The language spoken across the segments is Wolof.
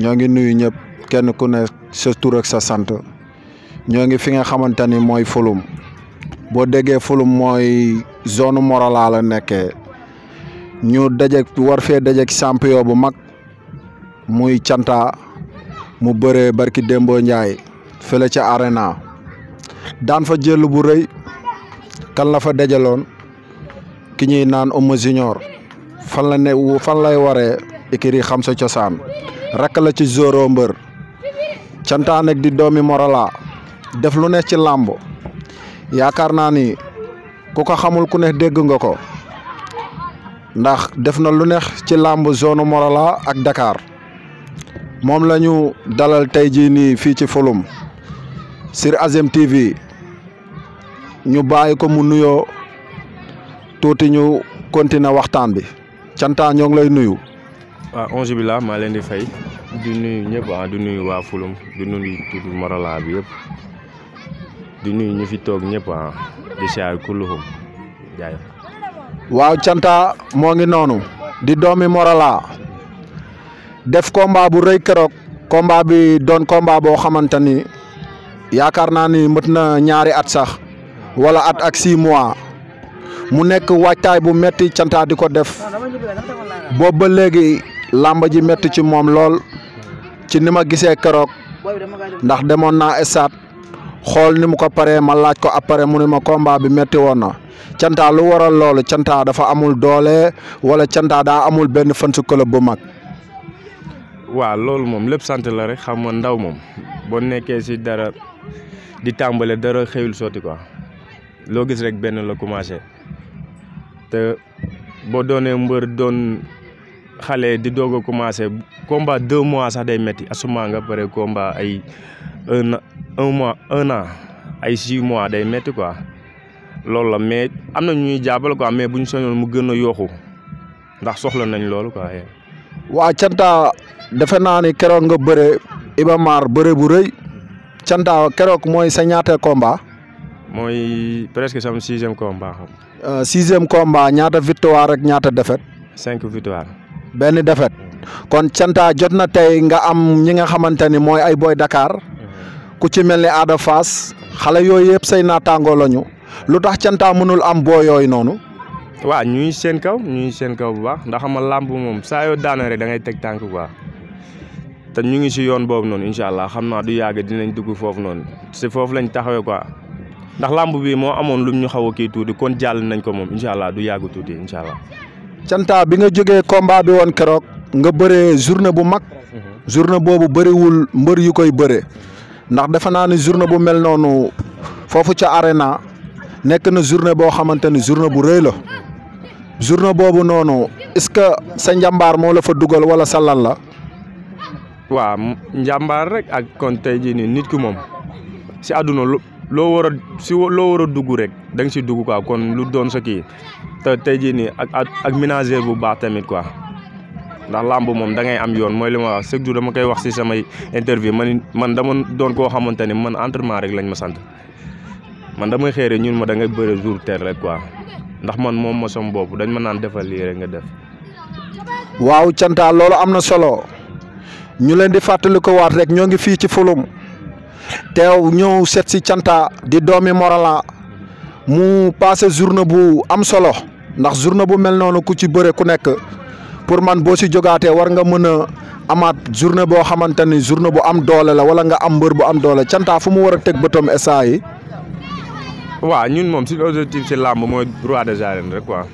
ñoo ngi nuyu ñëpp kenn ku ne sa tur ak sa sant ñoo ngi fi nga xamante ni mooy fulum boo déggee fulum mooy zone Morolan la nekkee ñu daje war fee dajeeg champion bu mag muy canta mu bëree barki Dembo Ndiaye fële ca arena daan fa jël bu rëy kan la fa dajaloon ki ñuy naan Omo Junior fan la lay waree ikiri xam sa cosaan rakk la ci zoro mbeur di domi morala def lu ne ci làmb yaakaar naa ni ku ko xamul ku ne deg nga ko ndax def na lu neex ci zone morala ak Dakar mom lañu dalal tay ji ni fi ci Fulum sir Azem TV ñu bàyyi ko mu nuyo toti ñu continuer waxtan bi ñong lay nuyu waaw ah, onze bi laa maa duni di fay di fulom, duni ah di nuyu duni Fulum di nuyu tur Morolan bi yëpp di nuyu ñu fi toog ñëpp ah di siyaar kulluhum jaay waaw ngi di def combat bu rëy keroog combat bi don combat boo xamante ni yaakaar ni mët ñaari at sax wala at ak six mois mu bu metti chanta di def boobu ba làmba ji métti ci moom lool ci ni ma gisee keroog ndax demoon naa stade xool ni mu ko paree ma laaj ko après mu ne ma combat bi métti woon na Canta lu waral loolu Canta dafa amul doole wala Canta daa amul benn fan su club bu mag. waaw loolu moom lépp sant la rek xam nga ndaw moom boo nekkee si dara di tàmbale dara xëyul sotti quoi loo gis rek benn la commencé te boo doonee mbër doon. xale di doog a commencé combat deux mois sax day métti asuma nga pare combat ay un un mois un an ay six mois day métti quoi loolu la mais am na ñuy jàppale quoi mais bu ñu soñoon mu gën a yooxu ndax soxla nañ loolu quoi. Eh. waa Canta defe naa ni keroog nga bëre Iba Mar bëre bu rëy Canta keroog mooy sa ñaata combat. mooy presque sama sixième combat. Euh, sixième combat ñaata victoire rek ñaata défaite. cinq victoire. benn defet kon canta jot na tey nga am ñi nga xamante ni mooy ay booy Dakar ku ci mel ni Ada Fass xale yooyu yëpp say naataangoo lañu lu tax canta mënul am boo yooyu noonu. waaw ñuy seen kaw ñuy seen kaw bu baax ndax xamal làmb moom saa yoo daana rek da ngay teg tànk bu te ñu ngi si yoon boobu noonu incha allah xam naa du yàgg dinañ dugg foofu noonu si foofu lañ taxawee quoi ndax làmb bii moo amoon lu ñu xaw a kii tuuti kon jàll nañ ko moom incha allah du yàgg tuuti incha allah. canta bi nga jógee combat bi woon keroog nga bëree journée bu mag journée boobu bëriwul mbër yu koy bëree ndax defe naa ni journée bu mel noonu foofu ca arena nekk na journée boo xamante ni journée bu rëy la journée boobu noonu est-ce que sa njàmbaar moo la fa dugal wala sa lan la. waaw njàmbaar rek ak kon tey jii nii nit ki moom si àdduna lu lo wara si lo wara duggu rek da nga si quoi kon lu doon sa ki te tay ji ni ak ak ménager bu baax tamit quoi ndax lamb mom da ngay am yoon moy lima wax chaque jour dama koy wax ci sama interview man man dama doon ko xamanteni man entraînement rek lañ ma sante man damay xéré ñun ma da ngay beure jour terre rek quoi ndax man mom ma sama bop dañ ma naan defal li rek nga def. waaw cianta lolu am solo ñu leen di fatali ko waat rek ñoo ngi ci Fulum. teew ñëw seet si canta di doomi Morala mu passé journée bu am solo ndax journée bu mel noonu ku ci bëre ku nekk pour man boo si jogaatee war nga mën a amaat journée boo xamante ni journée bu am doole la wala nga am mbër bu am doole canta fu mu war a teg bëtam essa yi. waaw ñun moom suñu objectif ci làmb mooy roi des arènes rek quoi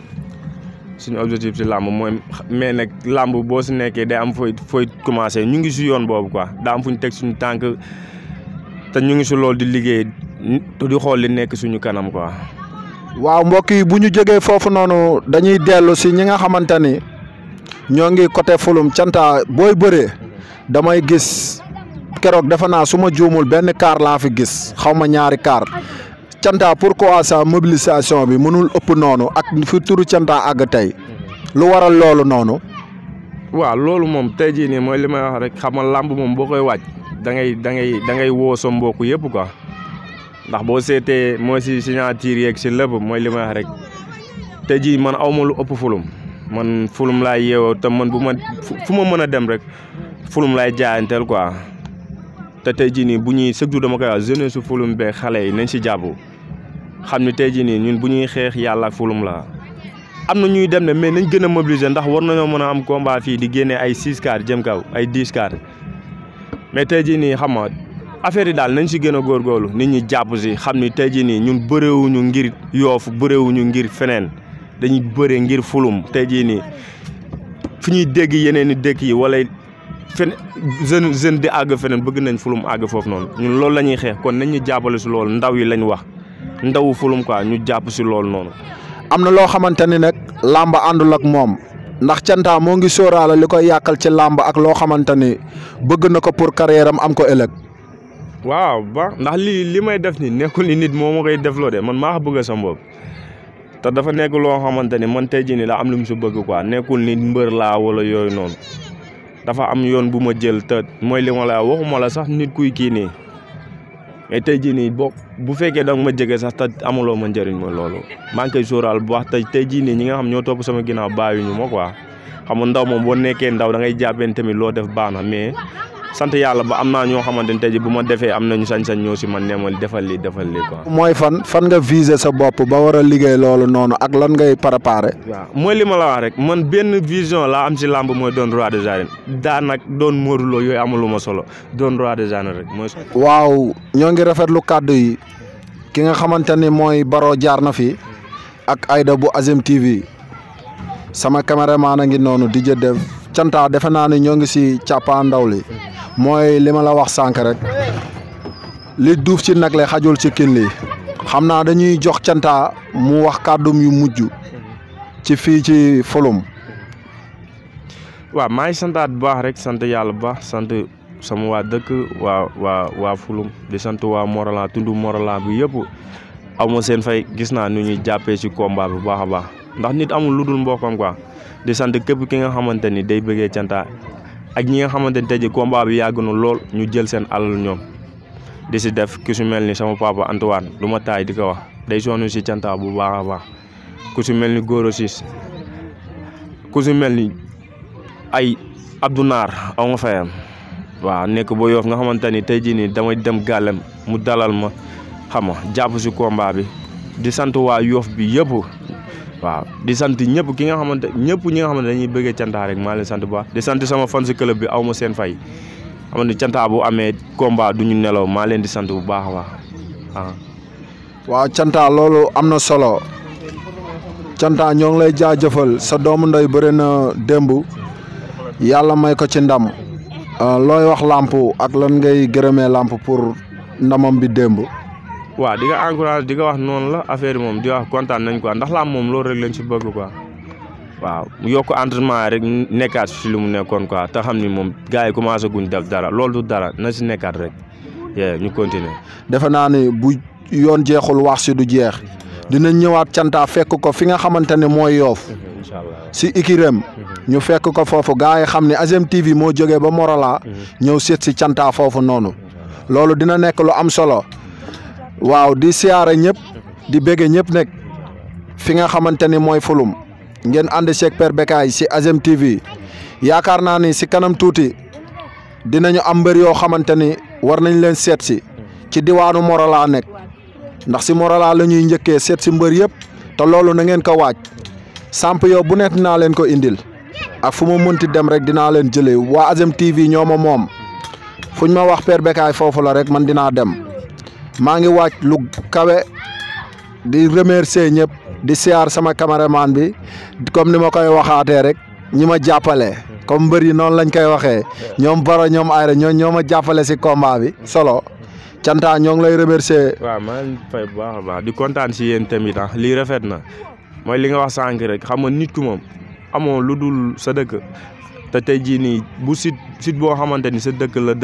suñu objectif ci làmb mooy mais nag làmb boo si nekkee day am fooy fooy commencé ñu ngi si yoon boobu quoi daa am fu ñu teg suñu tànk. te ñu ngi si loolu di liggéey te di xool li nekk suñu kanam quoi. waaw mbokk yi bu ñu foofu dañuy dellu si ñi nga xamante ni ñoo ngi côté fulum canta booy bëree damay gis keroog dafa naa su ma juumul benn kaar laa fi gis xaw ñaari kaar canta pourquoi sa mobilisation bi mënul ëpp noonu ak fi turu canta àgg tey lu waral loolu noonu. waaw loolu moom tey jii nii mooy wax rek xam nga làmb moom boo da ngay da ngay woo sa mbokk yëpp quoi ndax boo seetee moo si signature yeeg si lépp mooy li rek te ji man aw ma ëpp fulum man fulum laay yeewoo te man bu ma fu ma mën a dem rek fulum laay jaayanteel quoi te tey jii nii bu ñuy surtout dama koy a jeunesse su fulum bee xale yi nañ si jàpp xam ne tey jii nii ñun bu ñuy xeex yàlla fulum la am na ñuy dem ne mais nañ gën a mobiliser ndax war nañoo mën a am combat fii di génne ay six cars jëm kaw ay dix cars mais tey jii nii xam nga affaire yi daal nañ si gën a góorgóorlu nit ñi jàpp si xam ni tey jii nii ñun bëreewuñu ngir yoofu bëreewuñu ngir feneen dañuy bëre ngir fulum tey jii nii fi ñuy dégg yeneen i dëkk yi wala fen jeune jeune di àgg feneen bëgg nañ fulum àgg foofu noonu ñun loolu la ñuy xeex kon nañ ñu jàppale si loolu ndaw yi lañ wax ndawu fulum quoi ñu jàpp si loolu noonu. am na loo xamante ni nag làmb àndul ak moom. ndax Thianta moo ngi sóoraale li koy yàkkal ci làmb ak loo xamante ni bëgg na ko pour carrière am am ko ëllëg. waaw ba ndax li li may def ni nekkul ni nit moo ma koy defloo de man maa ko bëgg sama te dafa nekk loo xamante ni man tey jii nii la am lu mu si bëgg ko nekkul ni mbër laa wala yooyu noonu dafa am yoon bu ma jël te mooy li ma la waxuma la sax nit kuy kii nii. mais tey jii nii boo bu fekkee da nga ma jege sax ta amuloo ma njëriñ ma loolu maa ngi sóoraal bu baax te tey jii nii ñi nga xam ñoo topp sama ginnaaw bàyyi ñu ma quoi xam nga ndaw moom boo nekkee ndaw da ngay jàppeen tamit loo def baax na mais sant yàlla ba am naa ñoo xamante ne ji bu ma defee am nañu sañ-sañ ñoo si man nee defal lii defal lii quoi. mooy fan fan nga viser sa bopp ba war a liggéey loolu noonu ak lan ngay préparer. mooy li ma la rek man benn vision laa am si làmb mooy doon roi des arènes daanaka doon Modou Lo yooyu ma solo doon roi des arènes rek mooy. waaw ñoo ngi rafetlu kàddu yi ki nga xamante ni mooy Baro jaar na fi ak Aïda bu Azim TV sama maan a ngi noonu di jëdev canta defe naa ne ñoo ngi si càppaandaw li mooy li ma la wax sànq rek li duuf ci nag le xajul ci kin li xam naa dañuy jox cantaa mu wax kàddum yu mujj ci fii ci folum waa maa ngi santaat bu baax rek sant yàlla bu baax sant sama waa dëkk waa waa waa fulum di sant waa Morolan tund Morolan bi yépp aw seen fay gis naa nu ñuy jàppee ci combat bu baax a baax ndax nit amul lu dul mbokkam quoi di sant képp ki nga xamante ni day bëggee Thianta ak ñi nga xamante ni tey ji combat bi yàgg na lool ñu jël seen alal ñoom di si def ki si mel ni sama papa Antoine du taay di ko wax day sonn si Thianta bu baax a baax ku si mel ni Goro ku si mel ni ay Abdou Naar aw nga fayam waaw nekk ba yoof nga xamante ni tey jii nii damay dem gàllem mu dalal ma xam jàpp si combat bi di sant waa yoof bi yépp waaw di sant ñëpp ki nga xamante ñëpp ñi nga xamante dañuy bëggee Canta rek maa sant bu di sant sama fans club bi aw ma seen fay xamante Canta bu amee combat du ñu nelaw maa leen di sant bu baax a baax ah. waaw Canta loolu am na solo Canta ñoo ngi lay jaajëfal sa doomu nday bëri na dëmb yàlla may ko ci ndam euh, looy wax làmp ak lan ngay gërëmee làmp pour ndamam bi démb. waaw di nga encouragé di nga wax noonu la affaire yi moom di wax kontaan nañ quoi ndax laam moom loolu rek lañ si bëgg quoi waaw mu yokk entraînement rek nekkaat si lu mu nekkoon quoi te xam ni moom gars yi commencé guñ def dara loolu du dara na si nekkaat rek ñu continuer. defe naa ne bu yoon jeexul wax si du jeex dina ñëwaat canta fekk ko fi nga xamante ne mooy yoof si ikirem ñu fekk ko foofu gars yi xam ne AGM TV moo jógee ba Morola mhm. ñëw seet si canta foofu noonu loolu dina nekk lu am solo. Wow, di siyaara nyep, di bege ñëpp nek fi nga xamante ni fulum ngeen ànd ceeg Père si Azem TV ya naa ni si kanam tuuti dinañu am mbër yo xamante ni war nañ leen seet si ci diwaanu Morolan nek ndax si Morolan la ñuy njëkkee seet si mbër yëpp loolu na ngeen ko samp ko indil ak fu ma mënti dem rek leen wa Azem TV nyomomom, ma moom fuñ ma wax Père Bécaye dem mangi ngi wàcc lu kawe di remercier ñep di siar sama cameraman bi comme ni ma koy waxaatee rek ñima jappalé comme mbër yi noonu lañ koy waxé ñom Baro ñom Ayra ñoo ñoma jappalé ci si combat bi solo cianta ñoo ngi lay remercier. wa man, fay bu baax baax di contane si yeen tamit ah li rafet na moy li nga wax sank rek xam nga nit ku mom sa te tay ji ni bu sit sit bo xamanteni sa dëkk la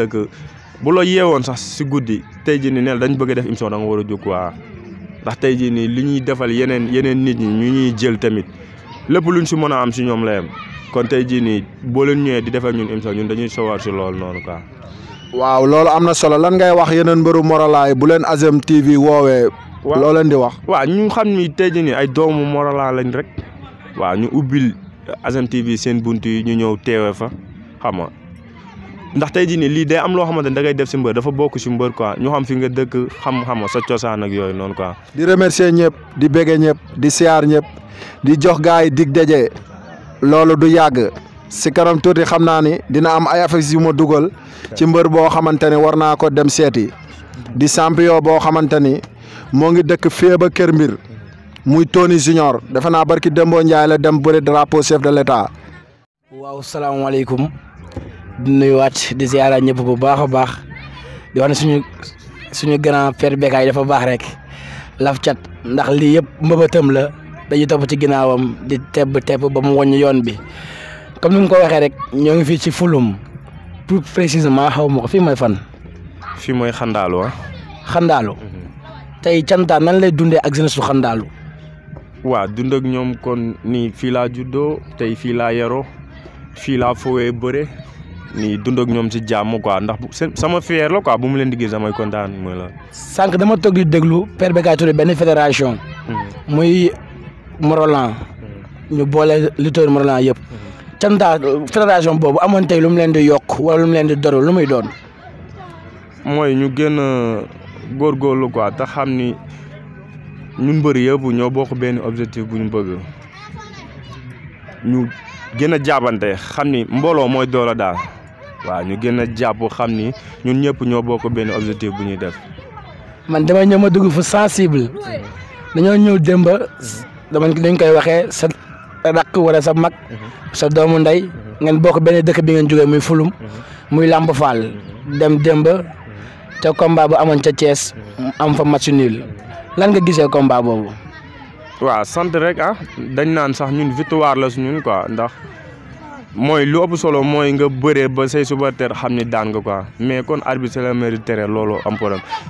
bu la woon sax si guddi tey ji nii neel dañ bëgg def émission da nga war a jóg waa ndax tey jii nii li ñuy defal yeneen yeneen nit ñi ñu ñuy jël tamit lépp luñ si mën a am si ñoom la kon tey jii nii boo leen ñëwee di defal ñun émission ñun dañuy sawar si loolu noonu quoi. waaw loolu am na solo lan ngay wax yeneen mbëru Moralaay bu leen Azem TV woowee. waaw leen di wax. waa ñu xam ni tey jii nii ay doomu Moralaay lañ rek waa ñu ubbil Azem TV seen bunt yi ñu ñëw teewee fa xam ndax tey jii nii lii day am loo xamante ne da def si mbër dafa bokk si mbër quoi ñu xam fi nga dëkk xam-xam sa cosaan ak yooyu noonu quoi. di remercier ñëpp di bége ñëpp di siyaar ñëpp di jox gaay yi dig daje loolu du yàgg si kanam tuuti xam naa ni dina am ay affaires yu ma dugal ci mbër boo xamante ne war naa ko dem seeti di champion boo xamante ni moo ngi dëkk Féba Kër Mbir muy Tony Junior defe naa barki Dembo Ndiaye la dem bëri drapeau chef de l' état. waaw salaamaaleykum. di waat di ziara ñëpp bu baax a baax di wax ne suñu suñu grand père Bécaye dafa baax rek laf cat ndax lii yëpp mbëbëtam la dañuy topp ci ginnaawam di teb tebb ba mu woñ yoon bi comme ni mu ko waxee rek ñoo ngi fii ci Fulum plus précisément xaw ma ko fii mooy fan. fii mooy xandaalu ah. xandaalu. Mhm. tey cantaan nan lay dundee ak jeunesse su xandaalu. waaw dund ak ñoom kon nii fii laa juddoo tey fii laa yaroo fii laa fowee bëre. nii dund ak ñoom ci jàmm quoi ndax sama fier la quoi bu mu leen di gis damay kontaan mooy la. sànq dama toog di déglu Père Bécaye Touré benn fédération. Hmm. muy Morolan. Hmm. ñu boole lutteur Morolan yëpp. Hmm. cantaa fédération boobu amoon tey lu mu leen di yokk wala lu mu leen di doru lu muy doon. mooy ñu gën a góorgóorlu quoi te xam ni ñu mbëri yëpp ñoo bokk benn objectif bu ñu bëgg ñu gën a jaabante xam ni mbooloo mooy doole daal. waaw ñu gën a jàpp xam ni ñun ñëpp ñoo bokk benn objectif bu ñuy def man dama ñëw ma dugg fu sensible dañoo ñëw démb dama dañ koy waxee sa rakk wala sa mag mhm. sa doomu ndey mhm. ngeen bokk benn dëkk bi ngeen jógee muy fulum mhm. muy làmb faal dem démb te combat bu amoon ca Thiès am fa match nul lan nga gisee combat boobu waaw sant rek ah dañ naan sax ñun victoire la quoi ndax mooy lu ëpp solo mooy nga bëree ba say supporter xam ni daan nga quoi mais kon arbitre la mérite tere loolu am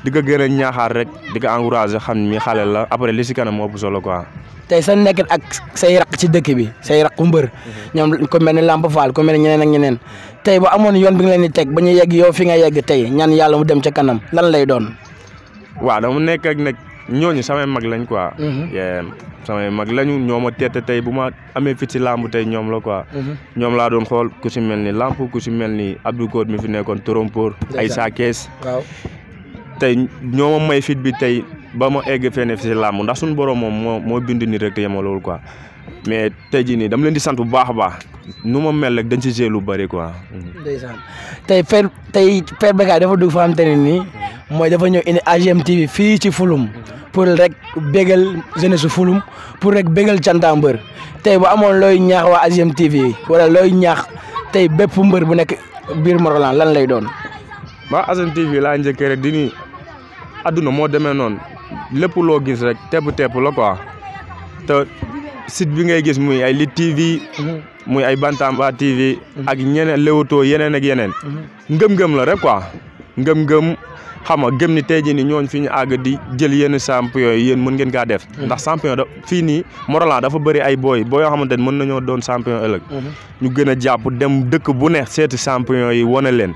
di ko gën a ñaaxaar rek di ko encouragé xam ni xale la après li si kanam moo ëpp solo quoi. tey sa nekk ak say raq ci dëkk bi say raq mbër ñoom mel ni Lamp Fall ko mel ni ñeneen ñeneen tey bu amoon yoon bi nga leen di teg ba ñu yegg yow fi nga yegg tey ñan yàlla mu dem ca kanam lan lay doon. waaw dama nekk ak nag ñooñu samay mag lañ quoi. Mm-hmm. samay mag lañu ñoo ma teete tey bu ma amee fit si làmb tey ñoom la quoi. Mm-hmm. ñoom laa doon xool ku si mel ni làmp ku si mel ni Abdou mi fi nekkoon Torompoor. ay saa kees. tey ñoo may fit bi tey ba ma egg fenn fi si làmb ndax suñu borom moom moo moo bind nit rek te loolu quoi. mais tey jii nii dama leen di sant bu baax a baax nu moom mel rek dañ ci gérer lu bëri quoi. ndeysaan tey Père tey Père Bécaye dafa dugg fa nii mooy dafa ñëw indi AGM TV fii ci Fulum pour rek bégal jeunesse Fulum pour rek bégal canta mbër tey bu amoon looy ñaax waa AGM TV wala looy ñaax tey bépp mbër bu nekk biir Morolan lan lay doon. waa AGM TV laa njëkkee rek di adduna moo demee noonu lépp loo gis rek tepp tepp la quoi site bi ngay gis muy ay Lit TV mhm. muy ay Bantamba TV mhm. ak ñeneen Leewtoo yeneen ak yeneen mhm. ngëm-ngëm la rek quoi ngëm-ngëm xam nga gëm ni tey jii ni ñooñ fi ñu àgg di jël yenn champion yi yéen mën ngeen kaa def ndax champion fii nii Morolan dafa bëri ay booy boo yoo xamante ne mën nañoo doon champion ëllëg ñu gën a jàpp dem dëkk bu neex seeti champion yi wane leen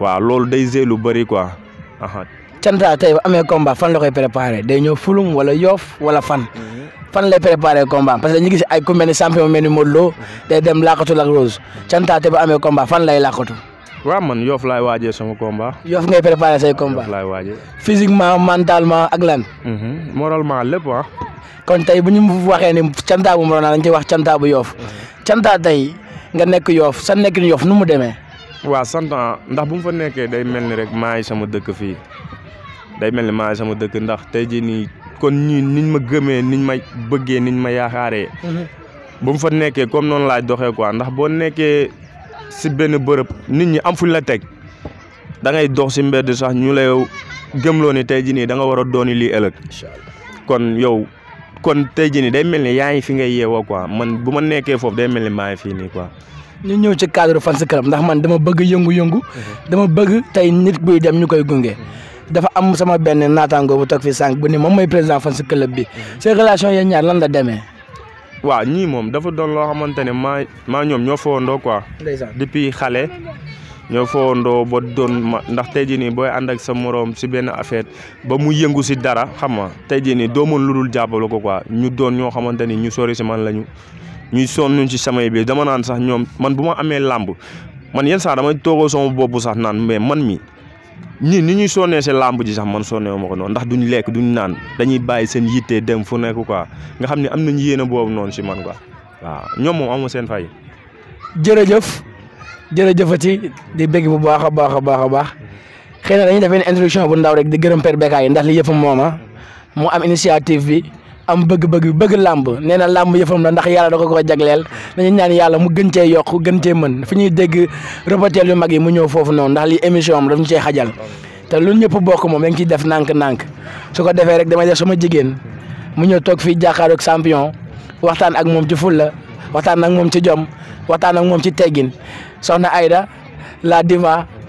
waaw loolu day gé lu bëri quoi aha Thianta tey ba amee combat fan la koy préparé day ñëw fulum wala yoof wala fan fan lay préparé combat parce que dañu gis ay ku mel ni champion mel ni Modou Lo day dem làqatu Lac Rose cantaate ba amee combat fan lay làqatu. waa man yoof laay waajee sama combat. yoof ngay préparé say combat yoof laay waajee. physiquement mentalement ak lan. Mhm, moralement lépp ah. kon tey bu ñu waxee ni cantaa bu Morona dañ ciy wax cantaa bu yoof mhm. cantaa tey nga nekk yoof sa nekkin yoof nu mu demee. waa sant ndax bu mu fa nekkee day mel ni rek maa ngi sama dëkk fii day mel ni maa ngi sama dëkk ndax tey jii nii. kon ñii niñ ma gëmee niñ ma bëggee niñ ma yaakaaree. Mhm. ba mu fa nekkee comme noonu laay doxee quoi ndax boo nekkee si benn bërëb nit ñi am fuñ la teg dangay ngay dox si mbedd sax ñu lay loo ni tey jii nii da war a dooni lii ëllëg. kon yow kon tey jii nii day mel ni yaa ngi fi ngay yeewoo quoi man bu ma nekkee foofu day mel ni maa ngi fii nii quoi. ñu ñëw ci cadre fan si këram ndax man dama bëgg yëngu-yëngu. Mhm. dama bëgg tey nit buy dem ñu koy gunge. Mhm. dafa am sama benn naataango bu toog fi sànq bu ne moom may président fan si club bi mhm. seen relation yéen ñaar lan la demee. waaw ñii moom dafa doon loo xamante ne maa maa ñoom ñoo fowandoo quoi. depuis xale ñoo fowandoo ba doon ma ndax tey jii nii booy ànd ak sa moroom si benn affaire ba mu yëngu si dara xam nga tey jii nii doo mën lu dul jàppale ko quoi ñu doon ñoo xamante ni ñu sori si man lañu ñuy sonnuñ si samay bi dama naan sax ñoom man bu ma amee làmb man yenn saa damay toogoo sama bopp sax naan mais man mi ñii ni ñuy sonnee si làmb ji sax man sonne wu ma ko noonu ndax duñ lekk duñ naan dañuy bàyyi seen yitte dem fu nekk ko nga xam ne am nañ yéene boobu noonu si man quoi waaw ñoom moom amu seen fay. jërëjëf jërëjëfati di bégg bu baax a baax a baax a baax xëy na dañuy def benn introduction bu ndaw rek di gërëm Père Bécaye ndax li yëpp mooma mu am initiative bi. am bëgg-bëgg bëgg lamb neena lamb làmb yëfam la ndax yalla da ko ko jaglél dañu ñaan yalla mu gën ci yok gën ci mën fi ñuy dégg reporter yu mag yi mu ñëw fofu non ndax li émission am dañ ci xajal té luñu ñëpp bokk moom dañ ci def nank nank su ko défé rek dama def sama jigen mu ñëw fi jaxar ak champion waxtaan ak mom ci fulla waxtaan ak mom ci jom waxtaan ak mom ci téggine soxna Aida la diva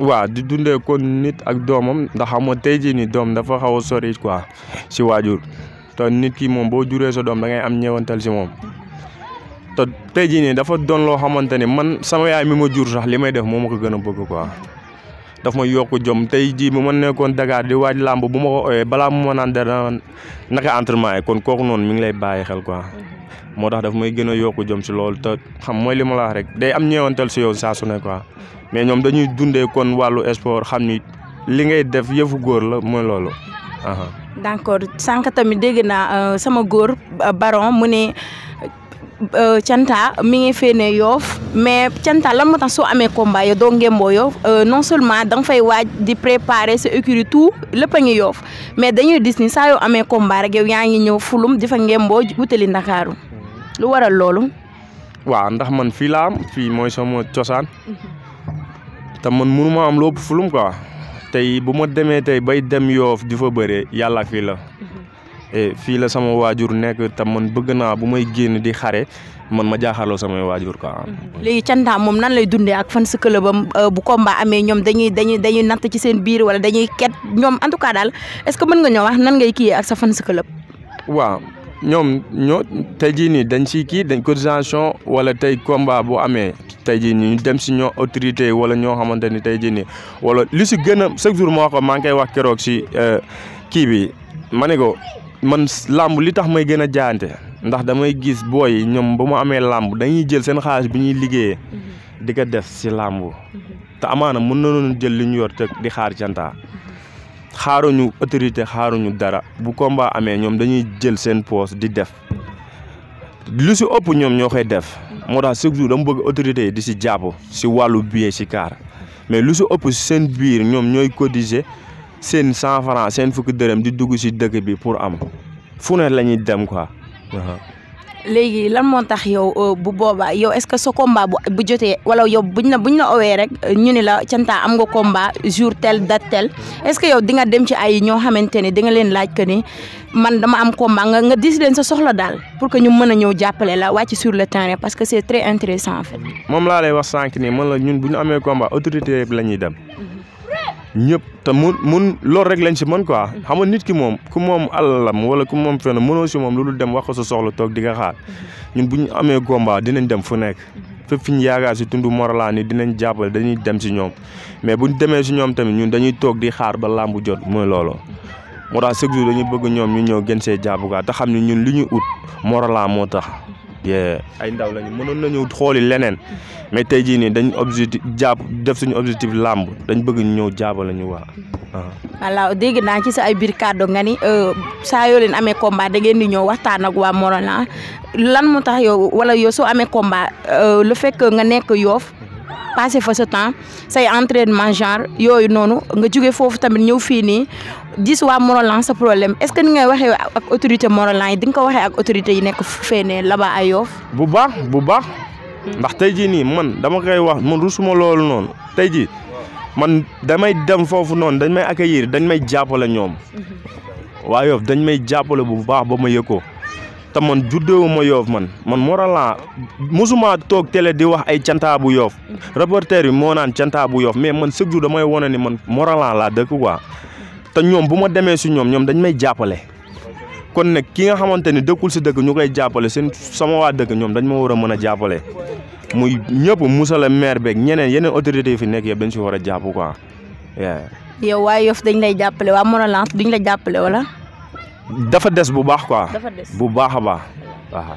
waaw di dundee kon nit ak doomam ndax xam nga tey jii nii doom dafa xaw a sori quoi si waajur to nit kii moom boo juree sa doom da ngay am ñëwantal si moom. te tey jii nii dafa doon loo xamante ni man sama yaay mi ma jur sax li may def moo ma ko gën a bëgg quoi. daf ma yokk jom tey jii bu ma nekkoon Dakar di waaj làmb bu ma ko ooyee balaa mu ma naan dara naka entraînement yi kon kooku noonu mi ngi lay bàyyi xel quoi. Mm-hmm. moo tax daf may gën a yokk jom si loolu te xam mooy li rek day am ñeewantal si yow saa su ne quoi mm-hmm. mais ñoom dañuy dundee kon wàllu sport xam ni li ngay def yëfu góor la mooy loolu. Mm-hmm. d' accord sànq tamit dégg naa euh, sama góor euh, Baron mu ne. Euh, canta mi ngi féene yoof mais canta lan moo tax soo amee combat yo doo ngemboo yoof euh, non seulement da fay waaj di préparer sa écurie tout lépp a ngi yoof mais dañuy gis ni saa amee combat rek yow yaa ngi ñëw fulum di fa ngemboo wutali ndakaaru lu waral loolu waaw ndax man fii laa am fii mooy sama cosaan te man mënuma am lu ëpp fulum quoi tey bu ma demee tey bay dem yoof di fa bëree yàlla fii la Eh, fii la sama waajur nekk tam man bëgg naa bu may génn di xare man ma jaaxaloo samay waajur quoi. Mm-hmm. léegi Thianta moom nan lay dundee ak fan sa euh, bu combat amee ñoom dañuy dañuy dañuy natt ci seen biir wala dañuy ket ñoom en tout cas daal est-ce que mën nga ñoo wax nan ngay kii ak sa fan sa club. waaw ñoom ñoo tey jii nii dañ siy kii dañ cotisation wala tey combat bu amee tey jii nii ñu dem si ñoo autorité wala ñoo xamante ni tey jii nii wala li si gën a chaque jour moo ko maa ngi koy wax keroog si euh, kii bi ma ne ko man làmb li tax may gën a jaante ndax damay gis booy ñoom ba mu amee làmb dañuy jël seen xaalis bi ñuy liggéeyee mhm. di ko def si làmb mhm. te amaana mën nañu jël li ñu yor te di xaar canta mhm. xaaruñu autorité xaaruñu dara bu combat amee ñoom dañuy jël seen poos di def lu si ëpp ñoom ñoo koy def moo tax chaque jour dama bëgg autorité di si jàpp si wàllu billet si kaar mais lu si ëpp seen biir ñoom ñooy cotiser sen 100 franc seen fukki dërëm di dugg ci deug bi pour am fu ne la dem quoi. légui lan mo tax yow euh, bu boba yow est-ce que ce combat bu bu jotee wala yow buñ la buñ la owee rek euh, ñu ni la Thianta am nga combat jour tel date tel est-ce que yow di nga dem ci ay ño xamante di nga leen laaj que ni man dama am combat nga nga dis leen sa soxla dal pour que ñu mëna a ñëw la wàcc sur le terrain parce que c'est très intéressant en fait. mom la lay wax sank ni man la ñun buñ amé combat autorité la ñuy dem. Mhm. ñëpp te mun mun loolu rek lañ si mën quoi xam nga nit ki moom ku moom lam wala ku moom fenn mënoo si moom loolu dem wax ko sa soxla toog di nga xaar mhm. ñun bu ñu amee gomba dinañ dem fu nekk mhm. fépp fi ñu yaakaar si tund Morolan yi dinañ jàppale dañuy dem si ñoom mais buñ demee si ñoom tamit ñun dañuy toog di xaar ba làmb jot mooy loolu moo tax chaque jour dañuy bëgg ñoom ñu ñëw gën see jàpp quoi te xam ne ñun lu ñu ut Morolan moo tax ay ndaw lañu mënoon nañu xooli leneen mais tey jii nii dañ objectif jàpp def suñu objectif làmb dañ bëgg ñu ñëw jàppale ñu waa. Ah. voilà dégg naa ci sa ay biir kàddu nga ni euh, saa yoo leen amee combat da ngeen di ñëw waxtaan ak waa Morolan ah. lan moo tax yow wala yow soo amee combat euh, le fekk nga nekk yoof passé fa sa temps say entraînement genre yooyu noonu nga jóge foofu tamit ñëw fii nii dis waa Morolan sa problème est-ce que ni ngay waxee ak autorité Morolan yi di nga ko waxee ak autorité yi nekk feneen là-bas ay Yoff bu baax bu baax hmm. ndax tey jii nii man dama koy wax man rusuma loolu noonu tey jii man damay dem foofu noonu dañ may accueillir dañ may jàppale ñoom hmm. waa yoof dañ may jàppale bu baax ba ma yëkkoo te man juddewu ma Yoff man man Morolan mosuma toog télé di wax ay cantaabu bu Yoff hmm. yi moo naan cantaa bu Yoff mais man chaque jour damay wone ni man Morolan laa dëkk quoi te ñoom bu ma demee si ñoom ñoom dañ may jàppale kon nag ki nga xamante ni dëkkul si dëkk ñu koy jàppale seen sama waa dëkk ñoom dañ ma war a mën a jàppale muy ñëpp musal a maire beeg ñeneen yeneen autorités yi fi nekk yëpp dañ si war a jàpp quoi. yow waa Yoff dañ lay jàppale waa Monolance duñ la jàppale wala. dafa des bu baax quoi. des bu baax a baax waaw.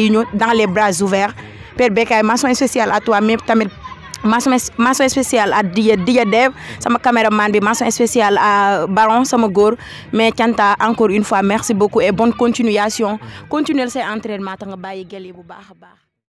dans les bras ouverts Père Bekay soin spéciale à toi mais tamit maison spéciale à Diadev, ma Dev sama caméraman ma soin spéciale à Baron sama gore. mais Tianta, encore une fois merci beaucoup et bonne continuation Continuez à entraînement nga